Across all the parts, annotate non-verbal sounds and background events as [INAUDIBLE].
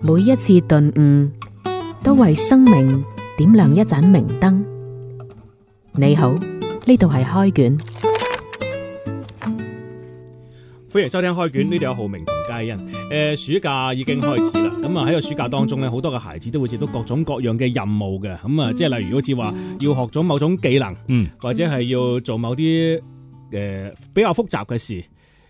每一次頓悟，都為生命點亮一盞明燈。你好，呢度係開卷，歡迎收聽開卷。呢度有浩明同佳欣。誒，暑假已經開始啦，咁啊喺個暑假當中咧，好多嘅孩子都會接到各種各樣嘅任務嘅。咁啊，即係例如好似話要學咗某種技能，嗯，或者係要做某啲誒比較複雜嘅事，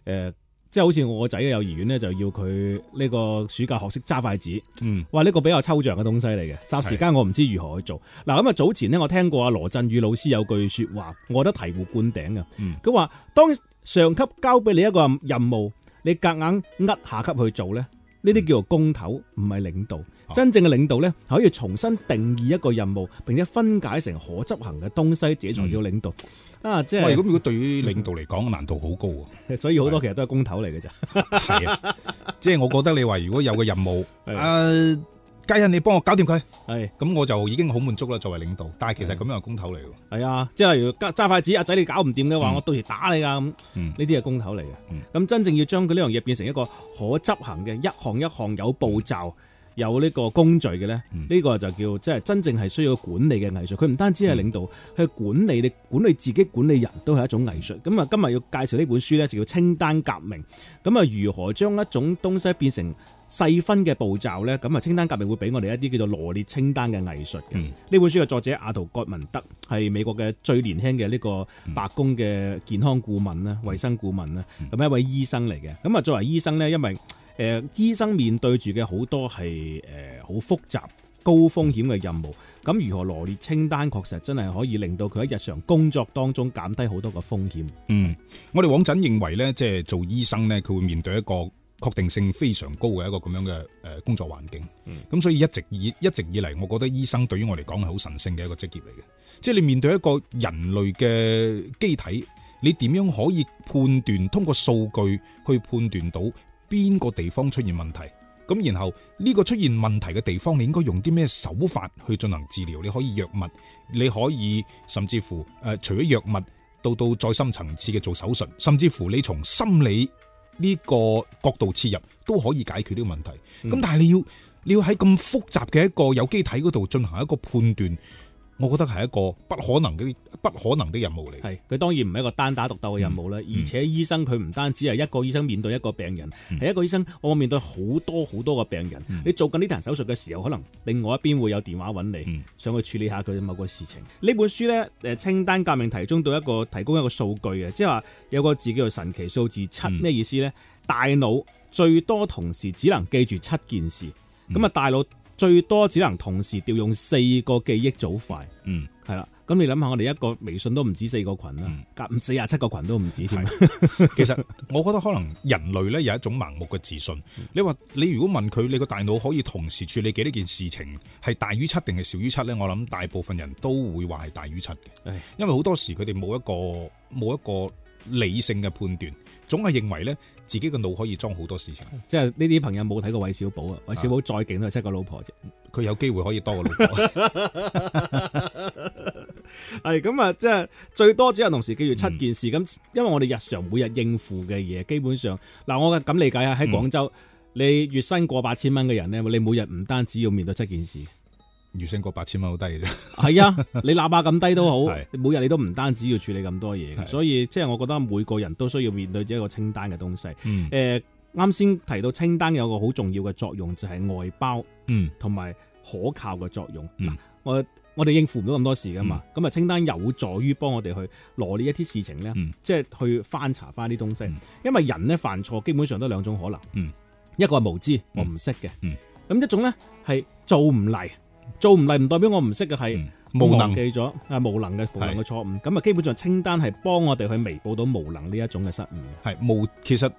誒。即係好似我個仔嘅幼兒園咧，就要佢呢個暑假學識揸筷子。嗯，哇，呢個比較抽象嘅東西嚟嘅，霎時間我唔知如何去做。嗱，咁啊早前咧，我聽過阿羅振宇老師有句說話，我覺得醍醐灌頂啊。嗯，佢話當上級交俾你一個任務，你夾硬呃下級去做咧，呢啲叫做工頭，唔係領導。真正嘅領導咧，可以重新定義一個任務，並且分解成可執行嘅東西，這才叫領導、嗯、啊！即係喂，咁如果對於領導嚟講，難度好高啊！所以好多其實都係公頭嚟嘅啫。即係、啊、 [LAUGHS] 我覺得你話如果有個任務，誒、啊，家欣、啊、你幫我搞掂佢，係咁、啊、我就已經好滿足啦。作為領導，但係其實咁樣係公頭嚟㗎。係啊，即係如揸筷子，阿、啊、仔你搞唔掂嘅話，嗯、我到時打你啊。咁。呢啲係公頭嚟嘅。咁、嗯、真正要將佢呢樣嘢變成一個可執行嘅，一行一行有步驟。嗯有呢個工序嘅呢，呢、嗯、個就叫即係真正係需要管理嘅藝術。佢唔單止係領導，去管理，你管理自己、管理人都係一種藝術。咁啊，今日要介紹呢本書呢，就叫《清單革命》。咁啊，如何將一種東西變成細分嘅步驟呢？咁啊，《清單革命》會俾我哋一啲叫做羅列清單嘅藝術嘅。呢本書嘅作者阿圖葛文德係美國嘅最年輕嘅呢個白宮嘅健康顧問啦、衞生顧問啦，咁一位醫生嚟嘅。咁啊，作為醫生呢，因為誒、呃、醫生面對住嘅好多係誒好複雜、高風險嘅任務。咁、嗯、如何羅列清單，確實真係可以令到佢喺日常工作當中減低好多個風險。嗯，我哋往陣認為呢即係、就是、做醫生呢，佢會面對一個確定性非常高嘅一個咁樣嘅誒工作環境。嗯，咁所以一直以一直以嚟，我覺得醫生對於我嚟講係好神聖嘅一個職業嚟嘅。即、就、係、是、你面對一個人類嘅機體，你點樣可以判斷？通過數據去判斷到。邊個地方出現問題？咁然後呢個出現問題嘅地方，你應該用啲咩手法去進行治療？你可以藥物，你可以甚至乎誒，除咗藥物，到到再深層次嘅做手術，甚至乎你從心理呢個角度切入都可以解決呢個問題。咁、嗯、但係你要你要喺咁複雜嘅一個有機體嗰度進行一個判斷。我覺得係一個不可能嘅、不可能的任務嚟。係佢當然唔係一個單打獨鬥嘅任務啦，嗯、而且醫生佢唔單止係一個醫生面對一個病人，係、嗯、一個醫生，我面對好多好多個病人。嗯、你做緊呢啲手術嘅時候，可能另外一邊會有電話揾你。上、嗯、去處理一下佢某個事情。呢、嗯、本書呢，誒，清單革命提中到一個提供一個數據嘅，即係話有個字叫做神奇數字七，咩意思呢？大腦最多同時只能記住七件事，咁啊、嗯，那大腦。最多只能同時調用四個記憶組塊，嗯是，嗯，係啦。咁你諗下，我哋一個微信都唔止四個群啦、啊，隔唔四廿七個群都唔止添的。 [LAUGHS] 其實我覺得可能人類呢有一種盲目嘅自信。你話你如果問佢，你個大腦可以同時處理幾多件事情，係大於七定係少於七呢？我諗大部分人都會話係大於七嘅，因為好多時佢哋冇一個冇一個。理性嘅判斷，總係認為咧自己個腦可以裝好多事情。即係呢啲朋友冇睇過韋小寶啊，韋小寶再勁都係七個老婆啫。佢有機會可以多個老婆係咁啊，即係最多只有同時記住七件事。咁、嗯、因為我哋日常每日應付嘅嘢，基本上嗱，我咁理解啊。喺廣州，嗯、你月薪過八千蚊嘅人咧，你每日唔單止要面對七件事。月薪過八千蚊好低啫，係啊，你喇叭咁低都好，每日你都唔單止要處理咁多嘢，所以即係我覺得每個人都需要面對一個清單嘅東西。誒，啱先提到清單有個好重要嘅作用，就係外包，嗯，同埋可靠嘅作用嗱。我我哋應付唔到咁多事噶嘛，咁啊清單有助於幫我哋去羅列一啲事情咧，即係去翻查翻啲東西，因為人咧犯錯基本上都係兩種可能，嗯，一個係無知，我唔識嘅，嗯，咁一種咧係做唔嚟。做唔嚟唔代表我唔識嘅係無能，記咗啊無能嘅無能嘅錯誤，咁啊是基本上清單係幫我哋去彌補到無能呢一種嘅失誤。係無，其實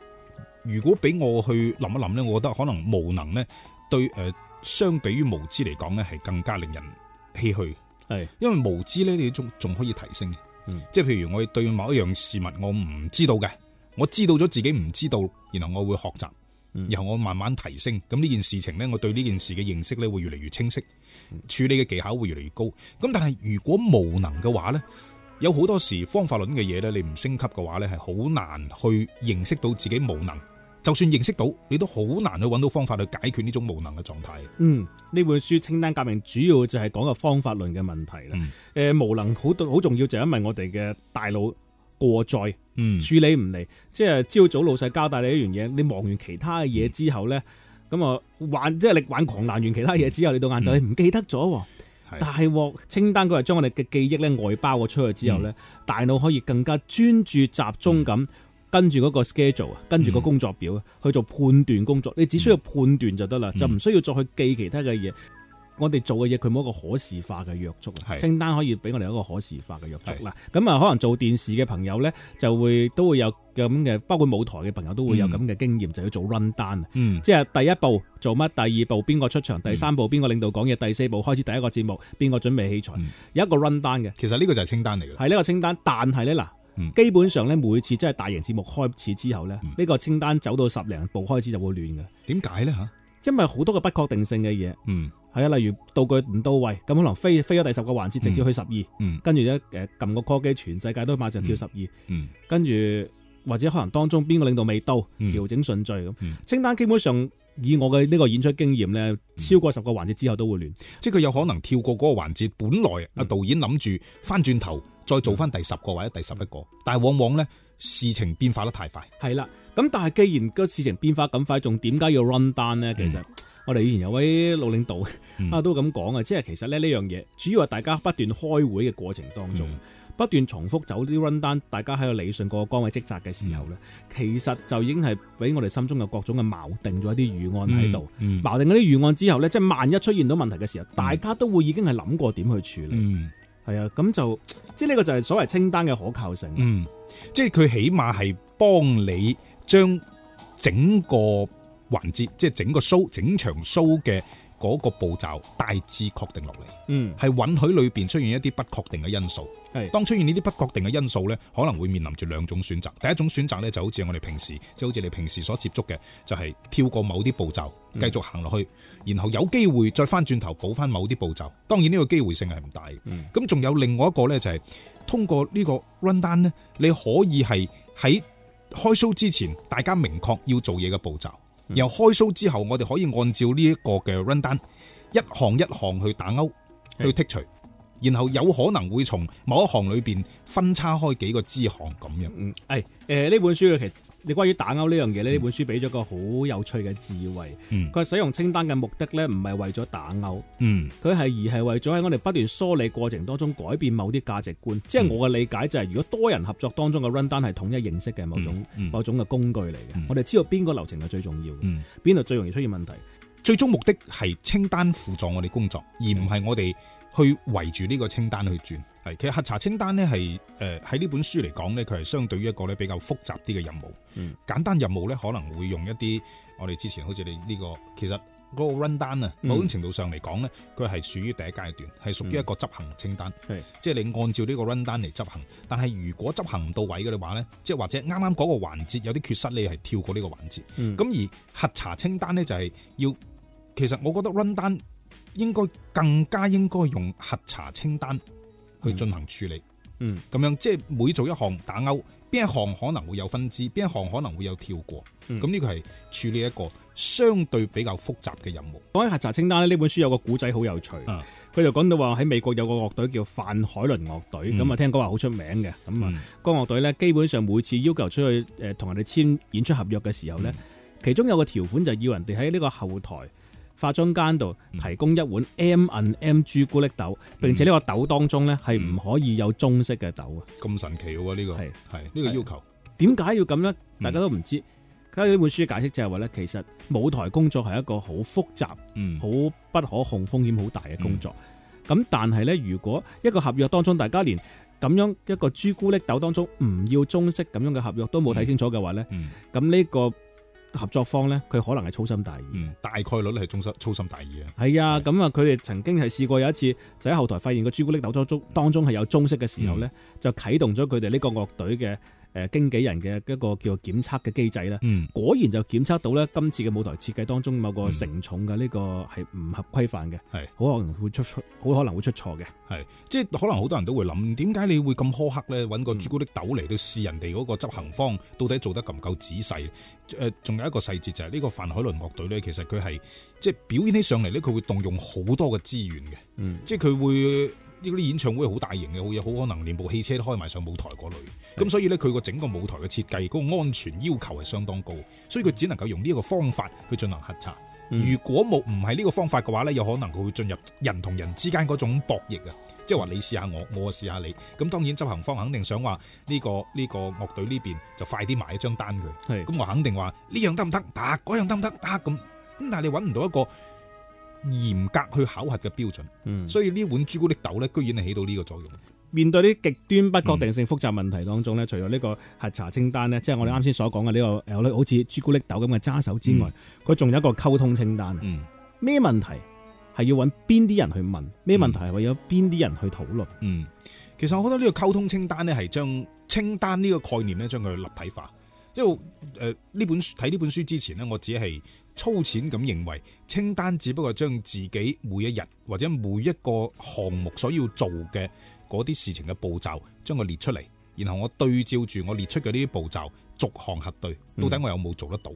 如果俾我去諗一諗咧，我覺得可能無能咧對誒、呃，相比於無知嚟講咧係更加令人唏噓。係是因為無知呢，你仲仲可以提升，即係、嗯、譬如我對某一樣事物我唔知道嘅，我知道咗自己唔知道，然後我會學習。然後我慢慢提升，咁呢件事情呢，我對呢件事嘅認識呢會越嚟越清晰，處理嘅技巧會越嚟越高。咁但係如果無能嘅話呢，有好多時方法論嘅嘢呢，你唔升級嘅話呢，係好難去認識到自己無能。就算認識到，你都好難去揾到方法去解決呢種無能嘅狀態。嗯，呢本書清單革命主要就係講個方法論嘅問題啦。誒、嗯，無能好好重要，就係因為我哋嘅大腦。過載處理唔嚟，嗯、即係朝早老細交代你一樣嘢，你忙完其他嘅嘢之後呢，咁啊、嗯、玩即係你玩狂爛完其他嘢之後，嗯、你到晏晝你唔記得咗、嗯、大鑊。的清單佢係將我哋嘅記憶呢外包咗出去之後呢，嗯、大腦可以更加專注集中咁跟住嗰個 schedule 啊，嗯、跟住個工作表、嗯、去做判斷工作，你只需要判斷就得啦，嗯、就唔需要再去記其他嘅嘢。我哋做嘅嘢，佢冇一個可視化嘅約束是的 清單可以俾我哋一個可視化嘅約束啦。咁啊，可能做電視嘅朋友呢，就會都會有咁嘅，包括舞台嘅朋友都會有咁嘅經驗，就要做 run 單、嗯、即係第一步做乜，第二步邊個出場，第三步邊個領導講嘢，第四步開始第一個節目，邊個準備器材，嗯、有一個 run 單嘅。其實呢個就係清單嚟嘅，係呢個清單。但係呢，嗱，基本上呢，每次即係大型節目開始之後呢，呢個清單走到十零步開始就會亂嘅。點解呢？因為好多個不確定性嘅嘢。啊、例如道具唔到位，咁可能飛飛咗第十個環節直 12,、嗯，直、嗯、接去十二，跟住咧誒撳個 call 機，全世界都馬上跳十二、嗯，跟、嗯、住或者可能當中邊個領導未到，嗯、調整順序咁。嗯、清單基本上以我嘅呢個演出經驗咧，超過十個環節之後都會亂，即係佢有可能跳過嗰個環節。本來啊導演諗住翻轉頭再做翻第十個或者第十一個，但係往往咧事情變化得太快。係啦、啊，咁但係既然個事情變化咁快，仲點解要 run down 呢？其實、嗯。我哋以前有位老領導啊，都咁講啊，即係其實咧呢樣嘢，主要係大家不斷開會嘅過程當中，不斷重複走啲 rundown，大家喺度理順個崗位職責嘅時候咧，其實就已經係俾我哋心中有各種嘅錨定咗一啲預案喺度、嗯。嗯、錨定嗰啲預案之後咧，即係萬一出現到問題嘅時候，大家都會已經係諗過點去處理、嗯。係、嗯、啊，咁就即係呢個就係所謂清單嘅可靠性。嗯，即係佢起碼係幫你將整個環節，即係整個 show 整場 show 嘅嗰個步驟大致確定落嚟，係、嗯、允許裏面出現一啲不確定嘅因素。是當出現呢啲不確定嘅因素呢，可能會面臨住兩種選擇。第一種選擇呢就好似我哋平時即好似你平時所接觸嘅，就係、是、跳過某啲步驟繼續行落去，嗯、然後有機會再翻轉頭補翻某啲步驟。當然呢個機會性係唔大嘅。咁仲、嗯、有另外一個呢，就係、是、通過呢個 run down 你可以係喺開 show 之前大家明確要做嘢嘅步驟。然後開 show 之後，我哋可以按照呢一個嘅 run down，一行一行去打勾，去剔除，是的 然後有可能會從某一行裏邊分叉開幾個支行咁樣。嗯、哎，誒誒呢本書嘅其實。你關於打勾呢樣嘢，呢本書俾咗個好有趣嘅智慧。嗯，佢使用清單嘅目的呢，唔係為咗打勾。嗯，佢係而係為咗喺我哋不斷梳理過程當中改變某啲價值觀。嗯、即係我嘅理解就係、是，如果多人合作當中嘅 run down 係統一認識嘅某種、嗯嗯、某種嘅工具嚟嘅，嗯、我哋知道邊個流程係最重要嘅，邊度、嗯、最容易出現問題。最終目的係清單輔助我哋工作，而唔係我哋，去圍住呢個清單去轉，係其實核查清單呢係呃、喺呢本書嚟講呢，佢係相對於一個咧比較複雜啲嘅任務。嗯、簡單任務呢可能會用一啲我哋之前好似你呢個，其實嗰個 run 單啊，某種程度上嚟講呢佢係屬於第一階段，係屬於一個執行清單，嗯、即係你按照呢個 run 單嚟執行。但係如果執行唔到位嘅話呢，即係或者啱啱嗰個環節有啲缺失，你係跳過呢個環節。咁、嗯、而核查清單呢，就係要，其實我覺得 run 單。應該更加應該用核查清單去進行處理，嗯，咁、嗯、樣即係每做一項打勾，邊一項可能會有分支，邊一項可能會有跳過，咁呢、嗯、個係處理一個相對比較複雜嘅任務。講起核查清單呢本書有個古仔好有趣，佢、嗯、就講到話喺美國有個樂隊叫范海倫樂隊，咁啊、嗯、聽講話好出名嘅，咁啊個樂隊呢，基本上每次要求出去誒同人哋簽演出合約嘅時候呢，嗯、其中有個條款就係要人哋喺呢個後台。化妝間度提供一碗 M&M 朱古力豆，並且呢個豆當中呢係唔可以有棕色嘅豆啊！咁神奇喎，呢個係係呢個要求。點解要咁呢？大家都唔知。佢喺呢本書解釋就係話呢其實舞台工作係一個好複雜、好不可控、風險好大嘅工作。咁但係呢，如果一個合約當中，大家連咁樣一個朱古力豆當中唔要棕色咁樣嘅合約都冇睇清楚嘅話呢，咁呢個。合作方咧，佢可能係粗心大意，嗯，大概率咧係中式粗心大意啊。係啊是，咁啊，佢哋曾經係試過有一次，就喺後台發現個朱古力豆中中當中係有中式嘅時候咧，嗯、就啟動咗佢哋呢個樂隊嘅，誒經紀人嘅一個叫做檢測嘅機制咧，嗯、果然就檢測到咧今次嘅舞台設計當中某個承重嘅呢、嗯、個係唔合規範嘅，係好是可能會出出好可能會出錯嘅，係即係可能好多人都會諗，點解你會咁苛刻咧？揾個朱古力豆嚟到試人哋嗰個執行方、嗯、到底做得夠唔夠仔細？誒、呃，仲有一個細節就係、是、呢、這個范海倫樂隊咧，其實佢係即係表演起上嚟咧，佢會動用好多嘅資源嘅，嗯、即係佢會。呢啲演唱會好大型嘅，好有好可能連部汽車都開埋上舞台嗰類。咁所以咧，佢個整個舞台嘅設計嗰個安全要求係相當高，所以佢只能夠用呢個方法去進行核查。如果冇唔係呢個方法嘅話咧，有可能佢會進入人同人之間嗰種博弈啊。即係話你試下我，我試下你。咁當然執行方肯定想話呢個呢個樂隊呢邊就快啲買一張單佢。咁我肯定話呢樣得唔得？啊，嗰樣得唔得？啊咁咁，但係你揾唔到一個嚴格去考核嘅標準，所以呢碗朱古力豆咧，居然係起到呢個作用。面對呢極端不確定性複雜問題當中咧，除咗呢個核查清單咧，嗯、即係我哋啱先所講嘅呢個誒、好似朱古力豆咁嘅揸手之外，佢仲有一個溝通清單。咩、嗯、問題係要揾邊啲人去問？咩問題係為咗邊啲人去討論？嗯，嗯、其實我覺得呢個溝通清單咧，係將清單呢個概念咧，將佢立體化。即係誒，呢本睇呢本書之前呢，我只係。粗淺咁認為，清單只不過將自己每一日或者每一個項目所要做嘅嗰啲事情嘅步驟，將佢列出嚟，然後我對照住我列出嘅呢啲步驟逐項核對，到底我有冇做得到？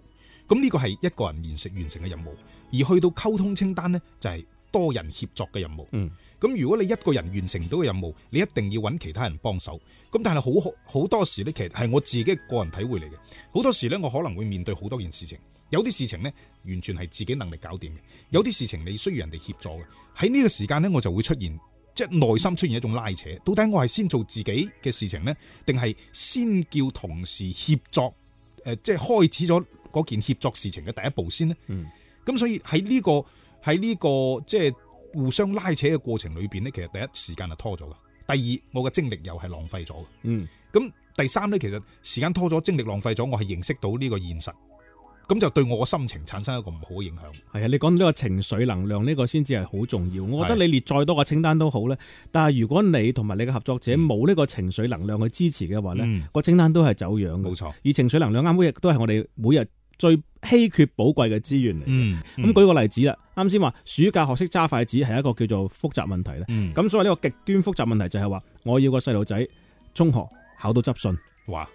咁呢個係一個人完成完成嘅任務，而去到溝通清單呢，就係、是、多人協作嘅任務。咁、嗯、如果你一個人完成到嘅任務，你一定要揾其他人幫手。咁但係好好多時呢，其實係我自己個人體會嚟嘅，好多時呢，我可能會面對好多件事情。有啲事情呢，完全係自己能力搞掂嘅；有啲事情你需要人哋協助嘅。喺呢個時間呢，我就會出現即係、就是、內心出現一種拉扯。到底我係先做自己嘅事情呢？定係先叫同事協助？誒、呃，即、就、係、是、開始咗嗰件協助事情嘅第一步先呢？嗯，咁所以喺呢、這個喺呢個即係互相拉扯嘅過程裏面呢，其實第一時間就拖咗嘅。第二，我嘅精力又係浪費咗。嗯，咁第三呢，其實時間拖咗，精力浪費咗，我係認識到呢個現實。咁就對我嘅心情產生一個唔好嘅影響。係啊，你講呢個情緒能量呢個先至係好重要。我覺得你列再多個清單都好咧，的但係如果你同埋你嘅合作者冇呢個情緒能量去支持嘅話咧，嗯、個清單都係走樣，冇錯，錯而情緒能量啱好亦都係我哋每日最稀缺寶貴嘅資源嚟咁、嗯、舉個例子啦，啱先話暑假學識揸筷子係一個叫做複雜問題咧。咁、嗯、所以呢個極端複雜問題就係話，我要個細路仔中學考到執信。哇。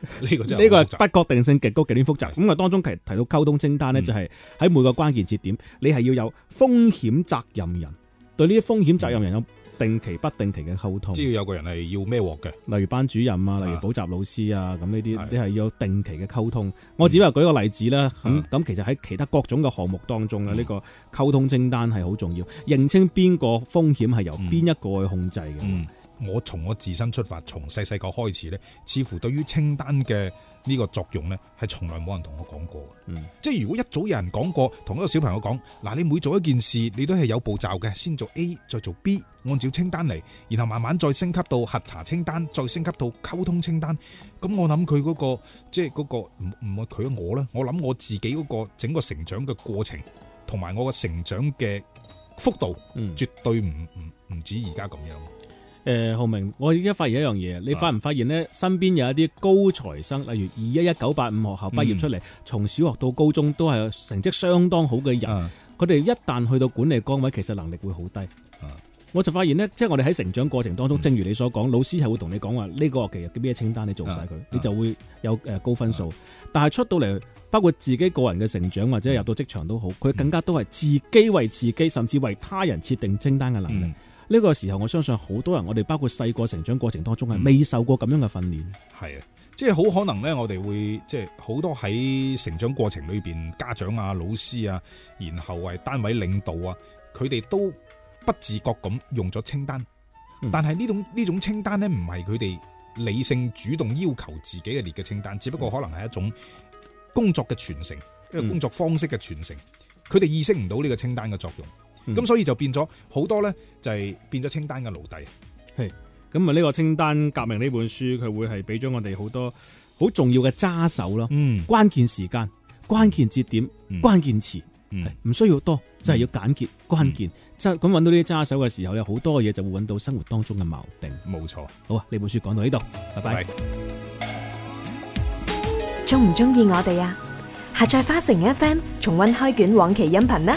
呢個呢個不確定性極高、極點複雜，咁啊的當中提提到溝通清單咧，就係喺每個關鍵節點，你係要有風險責任人，嗯、對呢啲風險責任人有定期、不定期嘅溝通。只要有個人係要咩嘢嘅？例如班主任啊，例如補習老師啊，咁呢啲你係要有定期嘅溝通。的我只不過舉一個例子啦，咁咁的、嗯、其實喺其他各種嘅項目當中咧，呢、嗯、個溝通清單係好重要，認清邊個風險係由邊一個去控制嘅。嗯嗯我從我自身出發，從細細個開始呢，似乎對於清單嘅呢個作用呢，係從來冇人同我講過。嗯，即係如果一早有人講過，同一個小朋友講，嗱，你每做一件事，你都係有步驟嘅，先做 A，再做 B，按照清單嚟，然後慢慢再升級到核查清單，再升級到溝通清單。咁我諗佢嗰個，即係嗰個唔唔係佢我啦。我諗我，我自己嗰個整個成長嘅過程，同埋我個成長嘅幅度，絕對唔唔唔止而家咁樣。誒、呃，浩明，我而家發現一樣嘢，你發唔發現呢？身邊有一啲高材生，例如二一一九八五學校畢業出嚟，從、嗯、小學到高中都係成績相當好嘅人。佢哋、嗯、一旦去到管理崗位，其實能力會好低。嗯、我就發現呢，即係我哋喺成長過程當中，嗯、正如你所講，老師係會同你講話呢個學期嘅咩清單你做晒佢，嗯、你就會有誒高分數。嗯、但係出到嚟，包括自己個人嘅成長或者入到職場都好，佢更加都係自己為自己，甚至為他人設定清單嘅能力。嗯呢個時候，我相信好多人，我哋包括細個成長過程當中係未受過咁樣嘅訓練，係啊，即係好可能呢，我哋會即係好多喺成長過程裏邊，家長啊、老師啊，然後係單位領導啊，佢哋都不自覺咁用咗清單，嗯，但係呢種呢種清單呢，唔係佢哋理性主動要求自己嘅列嘅清單，只不過可能係一種工作嘅傳承，嗯，一個工作方式嘅傳承，佢哋意識唔到呢個清單嘅作用。咁、嗯、所以就變咗好多咧，就係變咗清單嘅奴隸、嗯。係咁啊！呢個清單革命呢本書，佢會係俾咗我哋好多好重要嘅揸手咯。嗯，關鍵時間、關鍵節點、嗯、關鍵詞，唔、嗯、需要多，真係要簡潔、嗯、關鍵。真咁揾到呢啲揸手嘅時候，有好多嘢就會揾到生活當中嘅矛盾。冇錯，好啊！呢本書講到呢度，拜拜。中唔中意我哋啊？下載花城 FM，重溫開卷往期音頻呢。